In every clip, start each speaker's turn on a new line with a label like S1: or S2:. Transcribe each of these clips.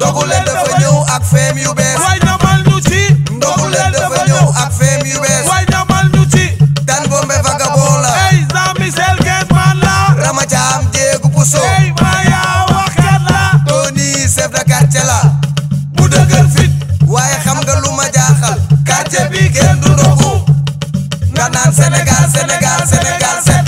S1: ndogule dafa dafa ñëw ak feem yu bees waay namal ñu ci Dan Bombe vagabond la ey Jean Michel Keesman la Rama Caam jéegu puso ey maya waxkat la Tony chef de bu dëgër fit waaye xam nga lu ma jaaxal quartier bi du ndogu nga naan Sénégal Sénégal Sénégal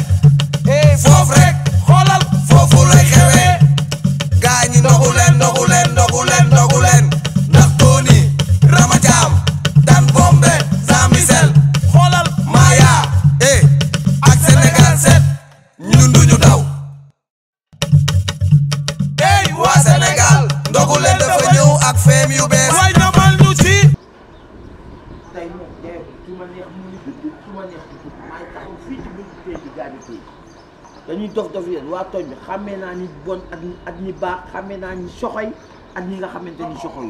S2: dof-dof yéen waa tooñ bi xàmmee naa ni bon ak ak ñi baax xàmmee naa ñi soxoy ak ñi nga xamante ni soxoy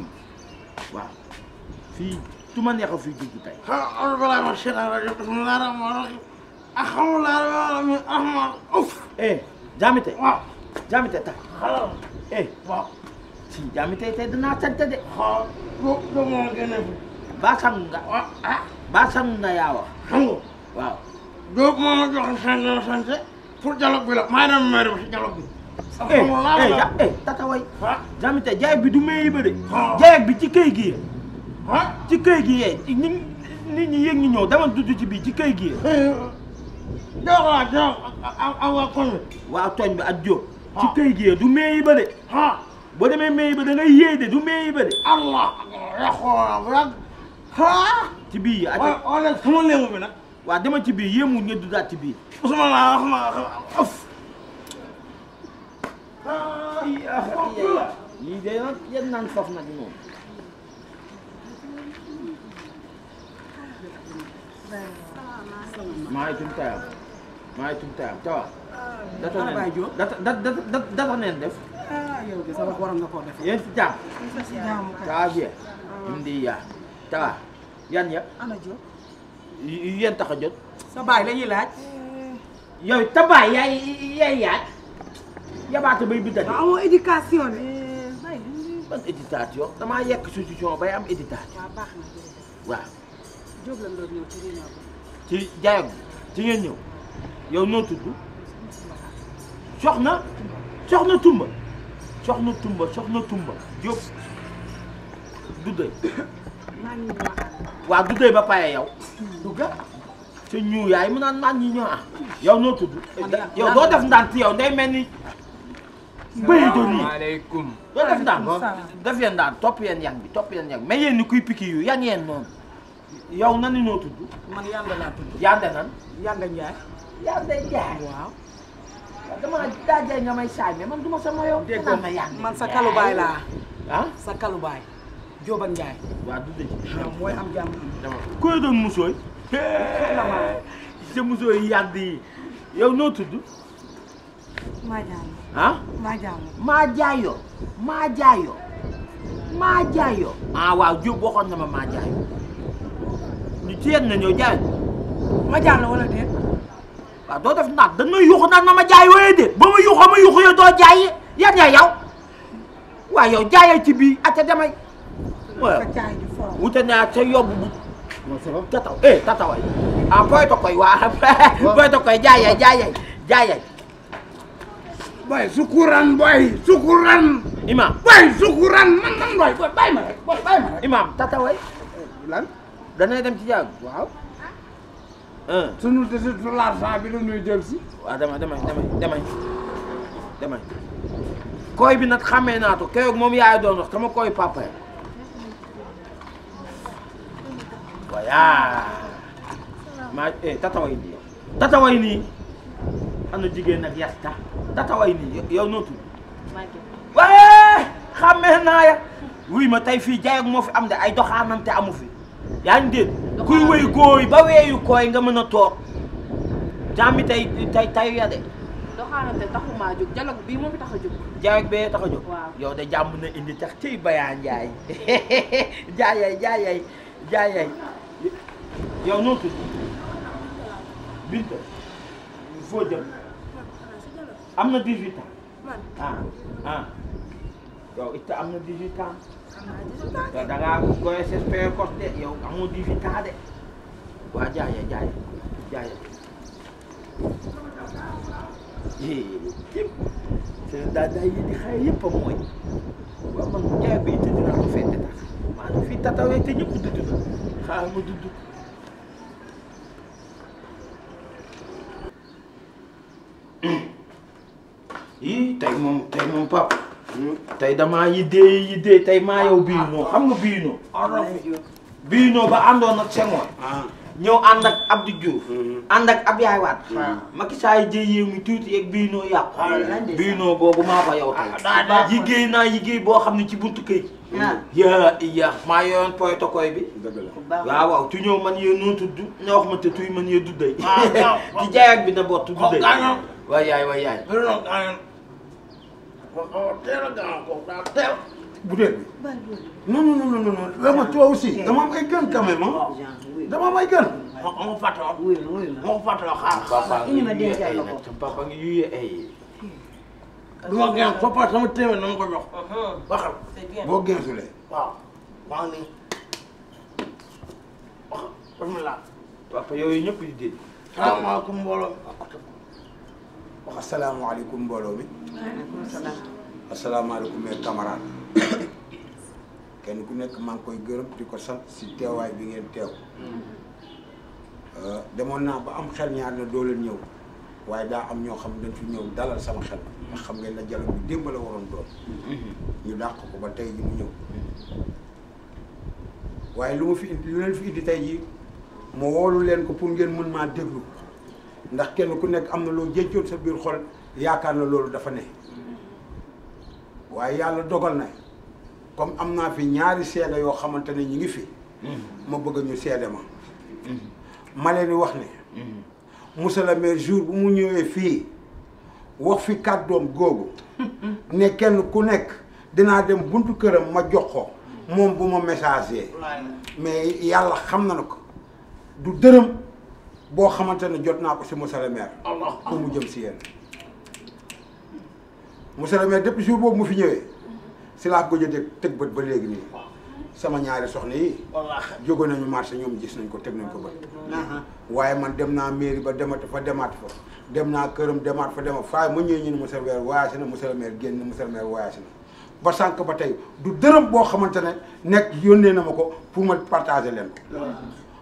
S2: waaw fii tu ma neexoon fii dugg tey. Ah, xaw ma alhamdulilah ah, eh, jaamite. waaw jaamite tax. xalaat eh waaw. si jaamite tey danaa sant de. xaw ma ma ma gën a. baasan nga. waaw ah. ah. baasan nga yaa wax. xam nga waaw.
S3: donc moo ma jox sant sant. pour dialogue bi la maa ngi may
S2: dem si bi. du may ba de. jaay bi ci këy gi. ah ci këy gi yee nit ñi nit ñu ñëw dama dudd ci bii ci këy gi. joo waaw bi. ak du meey ba de. boo demee meey ba da ngay de du meey ba de. allah yàqoo la
S4: bu yàgg. ah
S2: ci bii. wala wala sama léemu bi nag. waa dama ci biir yéemu ma of
S4: ah,
S1: ah,
S2: lii de nag yéen naan foof nag moom
S1: maaleykum salaam
S2: maaleykum salaam tawa ah, data neen data data data neen def yow de sa wax waroon nga koo def yéen yan ya yi yéen tax a jot. sa baay la ñuy laaj. Mm. yow tabaay yaay yaay ya yabaate bay biddati. waaw
S5: amoo éducation de.
S2: ban éducation damaa yekk solution bay am éducation. waaw baax na jërëjëf. waaw.
S5: Diop la doon ñëw ci réunion bi.
S2: ci jaayag bi ñëw yow noo tudd. soxna soxna Tumba soxna Tumba soxna Tumba Diop du dëgg. maa ngi waaw du doy ba paye yow dugga te ñu yaay mu naan naan ñi ñoo ah yow noo tudd yow doo def ndànk yow day mel ni bëy do nii doo def ndànk topp yeen yan bi topp yeen yan mais yéen ni piki yu yan yeen noonu yow nan noo tudd man yanda laa tudd nan yanda njaay yanda njaay waaw dama jaay nga may saay mais man du ma sama yow dégg nga man sa kalubaay laa ah sa kalubaay Jóoba Njaay. waaw du dëgg. mooy am jàmm. koy doon musooy. sa musooy yàdd yi noo tudd. maa ah? maa jaayo. maa jaayo. maa jaayo. maa jaayo. ah waaw na ma maa jaayo. ñu ceeb na ñëw jaay. ma jaayo wala déet. waaw doo def da dañ ma yuuxu naan ma ma jaay waaye de ba ma yuuxoo ma yuuxu yow doo jaay yan ya yow waaw yow jaayee ci bii atta damay.
S1: waaw
S2: wuute naa ca yóbbu bu. tataw eh tataw ay ah booy da koy waa booy da jaayay jaayay jaayay.
S3: boy sukuran boy
S2: sukuran. imam boy sukuran man boy boy bàyyi boy bàyyi ma rek. imam danay dem ci jàng. waaw. sunu desitu l'argent bi la ñuy jël si. waaw damay damay koy bi nag xamee naa ko keroog moom yaay koy papa voilà maa eh tataway nii tataway nii ana jigéen ak yasta tataway nii yow noo tudd waaye xàmmee naa ya wuy ma tey fii jaay moo fi am de ay doxaanante amu fi yaa ngi dégg kuy wéy góoy ba weeyu kooy nga mën a toog jàmmi tey tey tey ya de doxaanante a jóg dialogue bee tax a jóg yow de jàmm na indi tax tey bayaa njaay jaayay jaayay yow noo tudd Binta foo jëm am na 18 ans ah ah yow it am na 18 ans yow da ngaa goy ses précoce de yow amoo 18 ans de waa jaaya jaaya jaaya yëpp seen daadaa yi di xëy yëpp a mooy waaw man jaay bi it dinaa ko fekk tax maa ngi fi tatawee te ñëpp dudd na xaaral ma dudd. moom tey moom pap tey dama yiddee yiddee tey ma yow biinoo xam nga biinoo biinoo ba àndoon ak Senghor ah. ñëw ànd ak Abdou Diouf mm-hmm. ànd ak Abdoulaye Wade mm-hmm. ah. Macky Sall jëy yéemu tuuti yeeg biinoo yàqu ah, biinoo boobu maa ko yow tey yigéey naa yigéey boo xam ne ci buntu këy mm. yaa iya maa yoon protocole bi waaw waaw tu ñëw man yee noo tudd nga wax ma te tuy man yee dudday ci jaayaat bi na bot dudday waay yaay waay yaay
S3: ma xaw a teel a gaaw kooku
S2: non non non non dama toi aussi
S6: eh. dama am ay gën quand même ah. dama am ay
S2: papa ngi yuyee ay nag papa ngi yuyee ay. du ma gën papa sama téeméer na ma ko jox. Uh-huh. waxal boo gën sulee. waaw
S6: mbooloo mi. waaleykum salaam. asalaamaaleykum mes kenn ku nekk maa ngi koy gërëm di ko sant si teewaay bi ngeen teew. Euh, demoon naa ba am xel ñaar na doo leen ñëw waaye daa am ñoo xam dañ fi ñëw dalal sama xel ndax xam ngeen na jalo bi démb la waroon doon ñu dàq ko ba tey ji mu ñëw waaye lu ma fi indi lu leen fi indi tey ji ma woolu leen ko pour ngeen mën maa déglu ndax kenn ku nekk am na loo jëncoon sa biir xol yaakaar na loolu dafa ne waaye yàlla dogal na comme am naa fi ñaari seede yoo xamante ne ñu ngi fi ma bëgg ñu seede ma ma leen wax ne monsieur le jour bu mu ñëwee fii wax fi kàddoom googu ne kenn ku nekk dinaa dem buntu këram ma jox ko moom bu ma messager mais yàlla xam na ne ko du dërëm boo xamante ne jot naa ko si monsieur le maire. mu jëm si yéen. monsieur le maire jour boobu mu fi ñëwee si laa ko de teg bët ba léegi nii sama ñaari soxna yi. jóge nañu marché ñoom gis nañ ko teg nañ ko bët. Uh-huh. waaye man dem naa mairie ba demat fa demaat fa dem naa këram demaat fa demaat fa ma ñëwee ñu ne monsieur le maire voyagé na génn na monsieur le maire voyagé ba sànq ba tey du dërëm boo xamante ne nekk yónnee na ma ko pour ma partager leen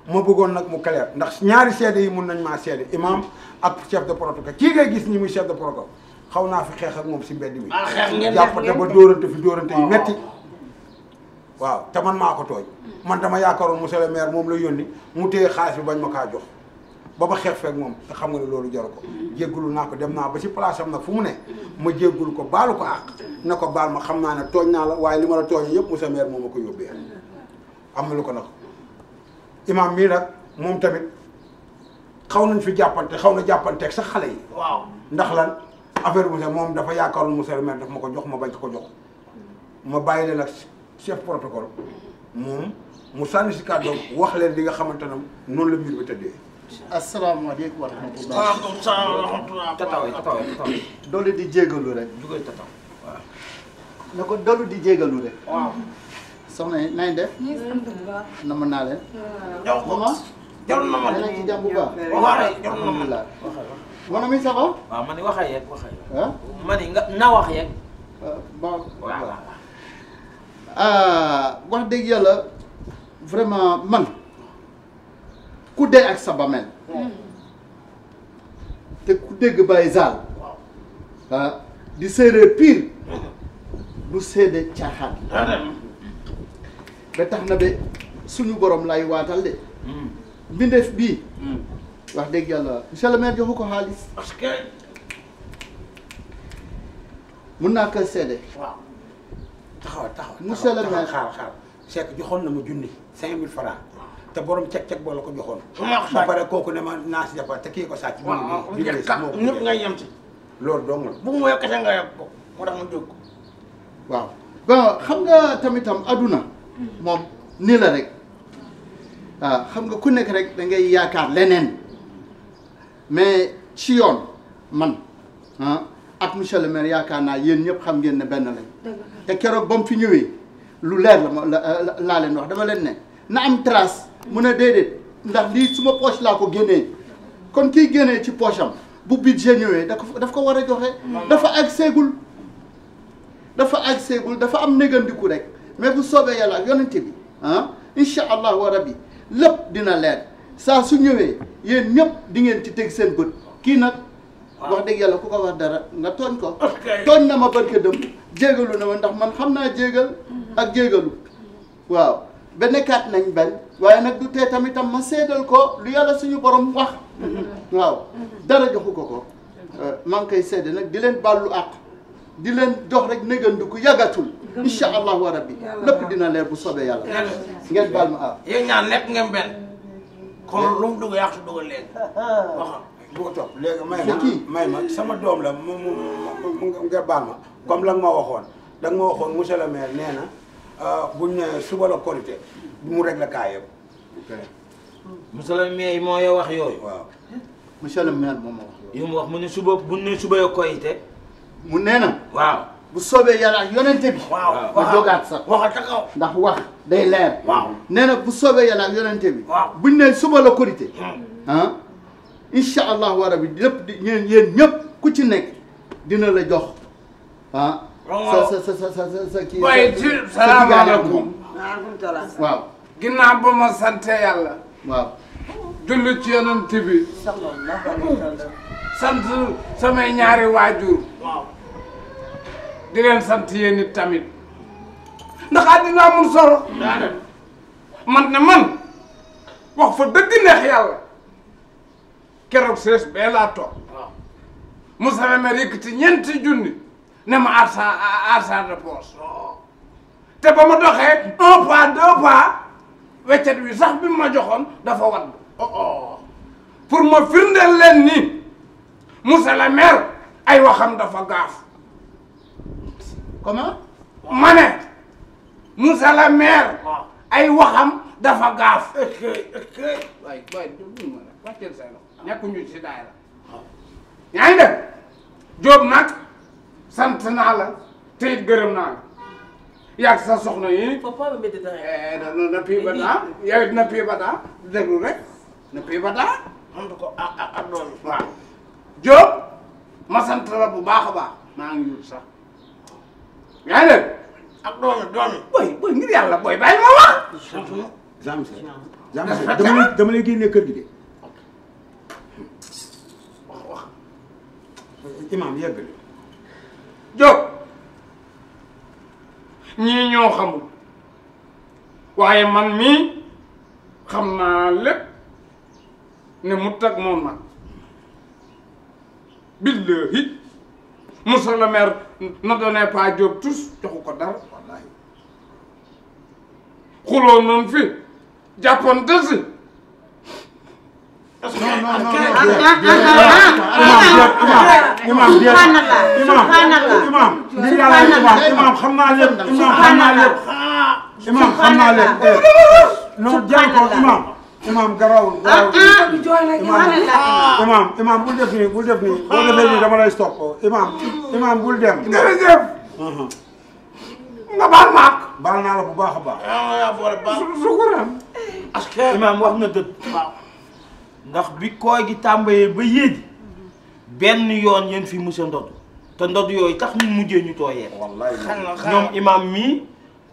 S6: ma bëggoon nag mu clair ndax ñaari seede yi mun nañ maa seede imam ak chef de protocole kii ngay gis ni muy chef de protocole xaw naa fi xeex ak moom si mbedd mi ah, jàppate ba dóorante fi dóorante yi oh. metti waaw te man maa ko tooñ man dama yaakaaroon monsieur le maire moom la yónni mu téye xaalis bi bañ ma kaa jox ba ma xeex feeg moom te xam nga loolu jaru ko jéggulu naa ko dem naa ba si place am nag fu mu ne ma jéggul ko baalu ko àq na ko baal ma xam naa ne tooñ naa la waaye li ma la tooñ yëpp monsieur le maire ko yóbbee am na ko nag imaam mii nag moom tamit xaw nañ fi jàppante xaw na jàppanteeg sax xale yi. waaw ndax lan affaire bu moom dafa yaakaaroon monsieur le maire ma ko jox ma bañ ko jox ma bàyyi leen ak chef protocole moom mu sànni si kàddoom wax leen li nga xamante ne noonu la mbir bi tëddee.
S4: asalaamaaleykum wa rahmatulah. waaleykum di jégalu rek. jugal tataw waaw. ko doole di jégalu waaw. soxna yi nañ def. namm naa leen. waaw waaw maman. na ma leen
S2: ci na nga wax yeeg. Euh,
S4: bon ah, wax dëgg yàlla vraiment man ku dee ak sa bamel. Hmm. te ku dégg Baye Zal. ah di séeréer pire. du seede caaxaan. ba tax na ba suñu borom lay waatal de. Hmm. mbindeef bii. Hmm. wax dëgg yàlla monsieur le maire joxu ko xaalis. parce que. mun naa ko seede. waaw taxaw taxaw. monsieur le joxoon na ma junni cinq
S6: mille francs. te borom cek-cek boo la ko joxoon. ba pare kooku ne ma naa si te kii ko sàcc. waaw
S2: ñëpp ngay yem ci. loolu dong la bu mu wéy kese nga yem moo tax ma jóg ko.
S4: waaw bon xam nga tamitam aduna. moom nii la rek waaw xam nga ku nekk rek da ngay yaakaar leneen mais ci yoon man ah ak monsieur le maire yaakaar naa yéen ñëpp xam ngeen ne benn lañ te keroog ba fi ñëwee lu leer la ma laa leen wax dama leen ne na am trace mu ne déedéet ndax lii suma poche laa ko génnee kon kii génnee ci poche am bu budget ñëwee da ko daf ko war a joxe mm. dafa ak seegul dafa ak seegul dafa am négandiku rek mais bu soobee yàlla ak yonente bi ah incha allahu rabbi lépp dina leen saa su ñëwee yéen ñëpp di ngeen ci teg seen bët kii nag. wax dëgg yàlla ku ko wax dara nga tooñ ko. tooñ na ma barke dem jégalu na ma ndax man xam naa jéegal ak jégalu waaw benn kaat nañ bañ waaye nag du tee tamitam ma seedal ko lu yàlla suñu borom wax mm-hmm. waaw dara joxu ko ko mm-hmm. euh, maa koy seede nag di leen bàllu àq. di leen dox rek négandiku yàggatu incha allahu rabbi lépp dina leer bu soobee yàlla ngeen baal ma ah yéen nekk ngeen benn kon eh? lu mu dugg yàqu dugg leen
S2: waxal
S6: may ma sama doom la mu mu mu nga baal ma comme la ma waxoon da ma waxoon monsieur le maire nee na euh, buñ ne suba la korité mu rek la kaa
S2: yëpp monsieur le maire moo wax yooyu waaw monsieur le maire
S4: moom moo wax yooyu mu ne suba buñ ne suba yo korité mu nee na. waaw bu soobee yàlla ak yonente bi. waaw waaw ma dogaat sax. waxal ca kaw ndax wax day leer. waaw nee na bu soobee yàlla ak yonente bi. waaw buñ ne suba la korité. Hmm. ah incha allahu rabi lépp di ñeen yéen ñëpp ku ci nekk dina la jox ah. sa sa sa
S3: sa sa kii. waaye ci waaw. ginnaaw ba ma sante yàlla. waaw. julli ci yonente bi. sant samay ñaari waajur di leen sant yéen tamit ndax àddina amul solo man ne man wax fa dëgg neex yàlla keroog sees bee laa toog Moussa Mer yëkkati ñeenti junni ne ma arsa arsa de poche oh. te ba ma doxee un pas deux pas weccet wi sax bi ma joxoon dafa wadd oh, oh. pour ma firndeel leen nii monsieur le maire ay waxam dafa gaaf. comment. ma ne monsieur le maire. Ah. ay waxam dafa gaaf. est ce que est ce que. waay waay wàcceel say la nekkuñu si daay la. Ah. yaa ngi def Diop nag sant naa la te it gërëm naa la. yaa sa soxna yi. papa bi métti dara. Eh, na na pii ba daa yow it na pii ba daa déglu rek na pii ba daa. xam nga ko ak ah, ak ak loolu waaw. Diop ma sant bu baax a baax maa ngi yul sax yaa ngi ak doole doole booy booy ngir yàlla booy bàyyi ma wax. jàmm si jàmm kër gi de. wax wax imaam yegg waaye man mi xam naa lépp ne mu tag moom billahi monsieur le maire ne donnait pas joxu ko dara wallahi xuloo noonu fi jàppoon dësi
S1: non non non non imaam
S2: imaam imaam
S6: xam naa lépp imaam xam naa lépp imaam xam naa lépp eh, non jàng ko imaam imaam garawul. ah ah du jooy rek imaam imaam ah. bul def nii bul def nii boo defee nii dama lay stop imaam bul dem. Uh-huh.
S2: nga baal ma baal naa la bu baax a baax. waaw su su imaam wax na dëgg. ndax bi koor gi tàmbalee ba yéegi benn yoon yéen fi mos a te ndodd yooyu tax ñu mujjee ñu tooyee. wallaay imaam mii.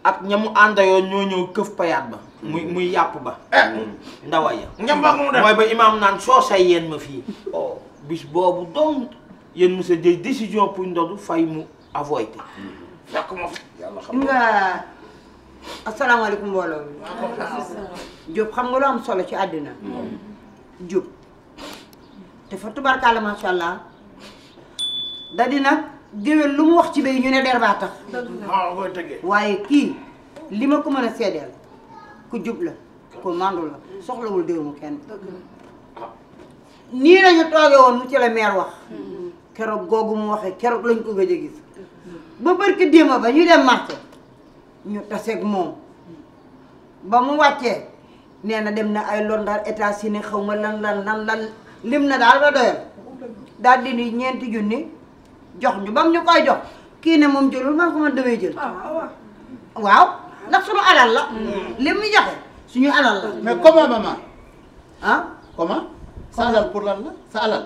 S2: ak ñamu àndayoon ñoo ñëw këf payaat ba muy muy yàpp ba eh. ndawa ya mooy ba imaam naan soo say yéen ma fii oh, bis boobu donc yéen monsieur Dieye décision pour ndodu fay mu avoyté fekk ma fi yàlla
S5: xam nga asalaamaaleykum mbooloo xam nga lu am solo ci àddina Diop dafa tubarkalla macha allah da di géwél lu mu wax ci bay ñu ne der baa tax waaye kii li ma ko mën a seedeel ku jub la ku màndu la soxlawul déw mu kenn ah. nii lañu tooge woon mu ci la meer wax hmm. keroog googu mu waxee keroog lañ ko gëj a gis ba barki déema ba ñu dem marché ñu taseeg moom ba mu wàccee nee na dem na ay londar états xaw ma lan lan lan lan lim na daal ba doyal daal di ñeenti junni jox ñu bam ñu koy jox kii ne moom jëlul man ko man damay jël ah, waaw ndax suñu alal la hmm. li mu joxe suñu alal la mais comment maman ah comment sa alal pour lan la sa alal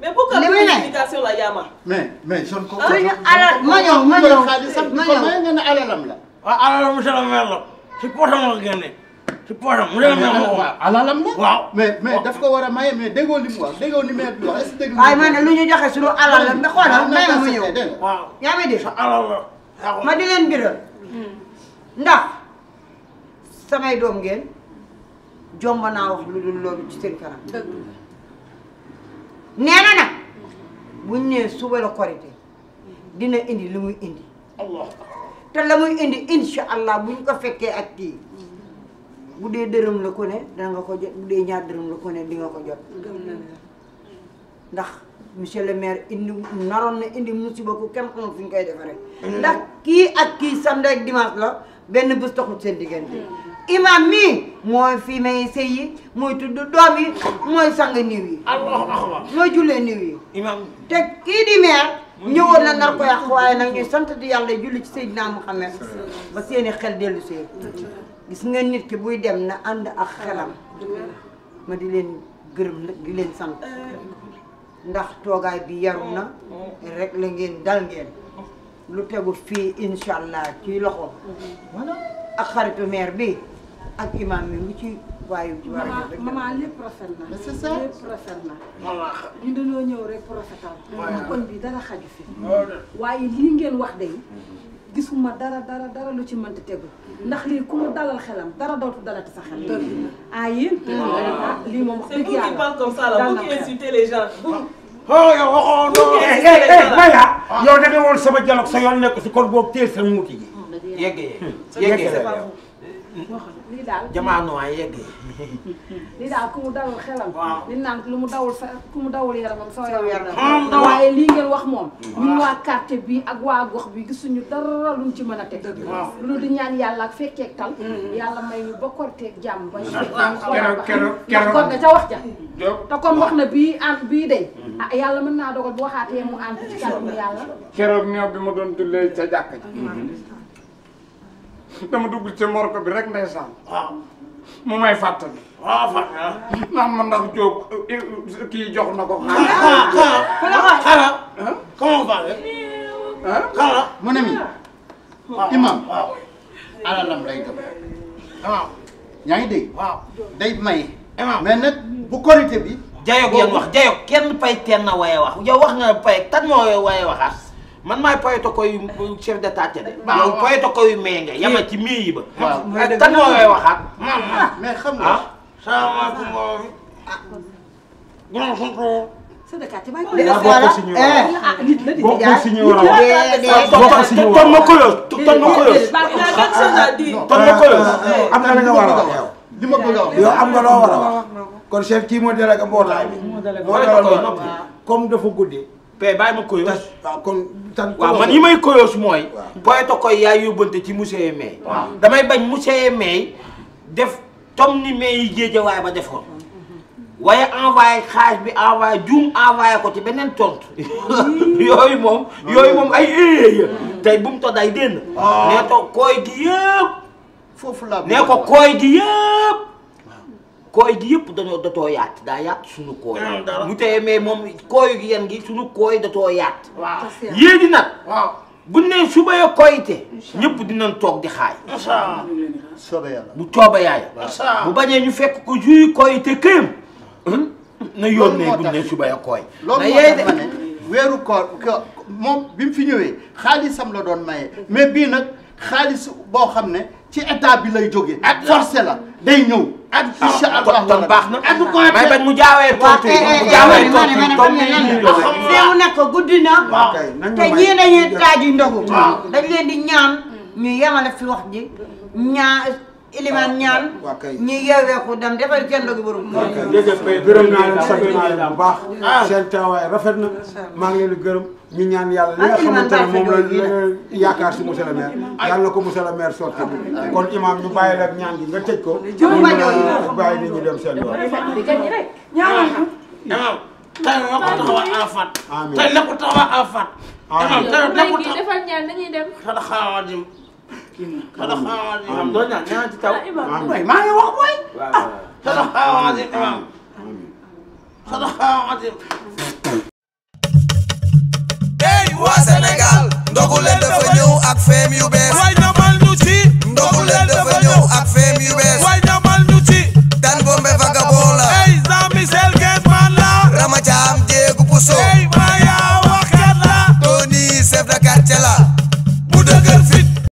S4: mais pourquoi communication la yaama mais mais je ne comprends
S2: pas suñu ma ñëw
S4: ma ma ñëw ne alalam la waaw ah, alalam monsieur le maire la si poosam nga ci poosam mu demee moom alalam la waaw mais mais daf ko war a maye mais déggoo li mu wax déggoo ni maire bi wax est-ce
S5: que dégg waaye man lu ñu joxe suñu alal la mais xoolal may mu ñëw waaw yaa ngi dégg sa alal la ma di leen biral hmm. ndax samay doom ngeen jomb naa wax lu dul loolu ci seen kanam nee na nag buñ nee suba la korité dina indi li muy indi te la muy indi incha allah buñ ko fekkee ak kii bu dee dërëm la ko ne nga ko jot bu dee ñaar dërëm la ko ne di nga ko jot ndax monsieur le maire indi naroon na indi musiba ku kenn xamul fu ñu koy defaree mm-hmm. ndax kii ak kii samedi ak dimanche la benn bés taxut seen diggante imam mi mooy fi may sëy yi mooy tudd doom yi mooy sang niw yi mooy jullee niw yi imam te kii di maire ñëwoon na nar ko yàq waaye nag ñuy sant di yàlla julli ci Seydina Muhammad ba seeni xel dellu see gis nga nit ki buy dem na ànd ak xelam ma di leen gërëm nag di leen sant ndax toogaay bi yaru na rek la ngeen dal ngeen lu tegu fii incha allah ci loxo ak xaritu maire bi ak imam mi lu ci waaye wu ci war a ñëw rek lépp rafet na lépp rafet na ñu dañoo ñëw rek profetal kon bi dara xaju fi waaye lii ngeen wax day gisuma dara dara dara lu ci mënti tegu ndax lii ku mu dalal dara dootu dalati sa xel. dëgg ah yéen. Ah, lii moom wax dëgg yàlla c'est vous qui parle comme ça
S1: là vous qui insultez les gens.
S2: oh
S6: yow waxoon eh, eh, woon sama dialogue sa yoon nekk si kon
S2: boobu teel sa muuti ji. yeggee yeggee c'est pas vous
S5: lii daal jamaano
S2: ay yegg
S5: lii daal ku mu dawul xelam li naan lu mu dawul sax ku mu dawul yaramam soo yaram waaye lii ngeen wax moom ñun waa quartier bi ak waa gox bi gisuñu dara luñ ci mën a teg lu di ñaan yàlla ak fekkeek tal mm-hmm. yàlla may ba korteeg jàmm ba keroog keroog keroog kon ca wax ja te kon wax na bii an bii day mm-hmm. ah yàlla mën naa dogal bu waxaatee mu ànd ci kanam yàlla
S3: keroog ñoo bi ma doon jullee ca jàkk ji mm-hmm. dama dugg ci morko bi rek ndeysaan. waaw mu may fàttali. waaw fàttali. ndax man ndax eh, eh, kii jox na ko. xanaa xanaa xanaa. mu ne mi.
S4: waaw imam waaw. alalam lay dem. waaw. yaa ngi dégg. waaw day may. imam mais nag bu korité bi. jayog yéen wax jayog kenn
S2: pay teen na waaye wax yow wax nga pay tan moo waaye waxaat. man maay poyto koy chef d'état de. waaw yow poyto koy mee nga yama ci mii yi ba. waaw kan moo ngay waxaat. Ah. Ah. Eh, ah, a
S1: wax dina ton ma kolos ton ma kolos. ton ma kolos. am na a wax yow.
S4: li ma bëgg a am nga loo a wax.
S6: kon chef kii moo délégué mbootaay bi. moo délégué
S2: comme dafa guddee. pe bàyyi ma koyoos waaw kon waaw man yi may koyoos mooy poyeta koy yaay yóbbante ci monsieur May damay bañ monsieur May def tom ni May yi géejawaay ba defoon waaye envoyé xaalis bi envoyé juum envoyé ko ci beneen tontu hmm. yooyu moom ah. yooyu moom ay éeya tey bu todd ay dénn ah. nee ko kooy gi yëpp
S4: foofu la nee ko kooy gi
S2: yëpp kooy gi yëpp dañoo datoo yaat daa yaat suñu kooy mu teye mais moom kooy gi yan gi suñu kooy datoo yaat waaw di nag waaw bu ne suba ya koyite ñëpp dinañ toog di xaay sooba yàlla bu cooba yaay bu bañee ñu fekk ko juy koyite këyam na yónnee bu ne suba ya kooy
S4: moom bi mu fi ñëwee xaalisam la doon maye mais bii nag xaalis boo xam ne ci état bi lay jógee ak forcé la day ñëw incha ah, allah kon baax na. may bañ mu jaawee tontu eh, eh, mu eh, jaawee tontu
S2: comme
S5: ni sew na ko guddi na. te ñii dañuy taaj yu ndogu. dañ leen di ñaan ñu yemale fi wax ji mm. ñaa ilimaan ah, ñaan ñu yeeweeku dem defal kenn dogi borom
S2: gërëm naa leen sant naa leen
S6: bu baax ah. seen teewaay rafet na maa ngi leen di gërëm ñu ñaan yàlla li nga xamante ne moom la yaakaar si monsieur le maire yàlla na ko monsieur le maire soo kon imam ñu bàyyi la ñaan gi nga tëj ko ñu bàyyi nit ñi dem seen yoon ah. imam
S5: tey na ko taxawal
S2: afat tey na ko taxawal afat
S6: imam tey na ko
S5: taxawal ñaan nañuy
S2: dem xanaa xaawaal
S1: waa Sénégal. ndogu leen dafa ak feem yu bees. waay namal ñu ci. ndogu ak feem yu bees. waay namal ñu ci. Dan Bombe vagabond Michel Guèye man la. Rama Thiam jéegu puso. maa yaa